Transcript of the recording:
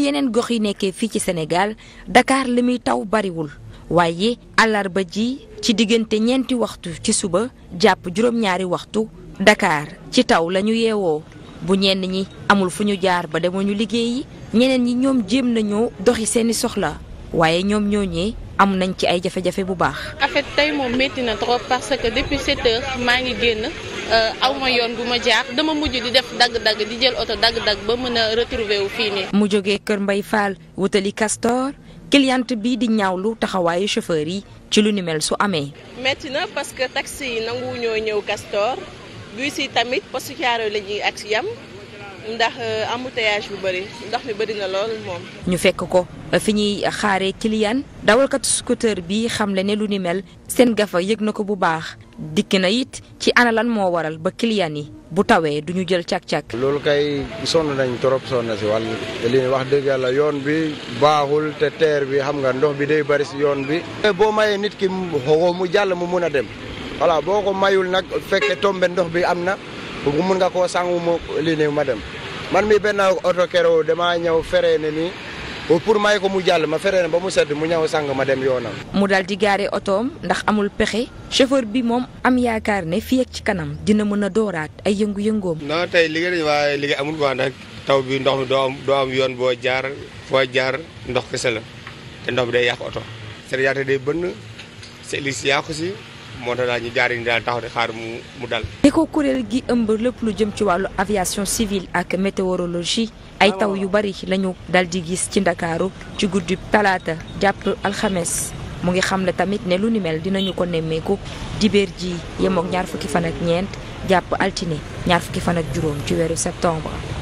yeneen gox yi nekkee fii ci senegaal dakaar li muy taw bariwul waaye àllarba ji ci diggante ñeenti waxtu ci suba jàpp juróom-ñaari waxtu dakaar ci taw la ñu yeewoo bu ñenn ñi amul fu ñu jaar ba ñu liggéeyi ñeneen ñi ñoom jéem nañoo doxi seeni soxla waaye ñoom ñooñee am nañ ci ay jafe-jafe bu baax. en tey moom métti na trop parce que depuis 7 maa ngi génn. Euh, aw ma yoon bu ma jaar dama mujj di def dagg-dagg di jël oto dagg-dagg ba mën a retrouver wu fii nii. mu jógee Kër Mbay Fall wutali Castor cliente bii di lu taxawaayu chauffeur yi ci lu ni mel su amee. metti na parce que taxi yi nanguwuñoo ñëw Castor bus yi tamit postu Caaroy la ñuy ak yam ndax euh, embouteillage bu bari ndox mi bëri na lool moom. ñu fekk ko fi ñuy xaaree client dawalkat scooter bi xam ne lu ni mel seen gafa yëg na ko bu baax dikk na it ci ana lan moo waral ba client yi bu tawee du ñu jël càq cak loolu kay sonn nañ trop sonn si wàll li wax dëgg yàlla yoon bi baaxul te teer bi xam nga ndox bi day bëri si yoon bi. boo mayee nit ki xoo mu jàll mu mun a dem voilà boo ko mayul nag fekkee tombe ndox bi am na. kooku mun nga koo sangu mo lii ma dem man mi benn oto kero damaa ñaw feree ne nii pour may ko mu jàll ma feree ba mu sedd mu ñëw sang ma dem yoonam. mu daal di gaare otoom ndax amul pexe chauffeur bi moom am yaakaar ne fii ci kanam dina mën a dooraat ay yëngu-yëngoom. non tey liggéey dañu waaye amul quoi ndax taw bi ndox mi doo am doo yoon boo jaar foo jaar ndox kese la te ndox bi day yàq oto. seen yaate day bënn seen li si. moo tax daal ñu gaari ni daal taxaw xaar mu mu dal. li ko kuréel gi ëmb lépp lu jëm ci wàllu aviation civile ak météorologie ay taw yu bari lañu dal di gis ci ndakaaru ci guddi talaata jàpp alxames mu ngi xam xamle tamit ne lu ni mel dinañu ko nemmeeku dibéer ji yemook ñaar fukki fan ak ñeent jàpp altine ñaar fukki fan ak juróom ci weeru septembre.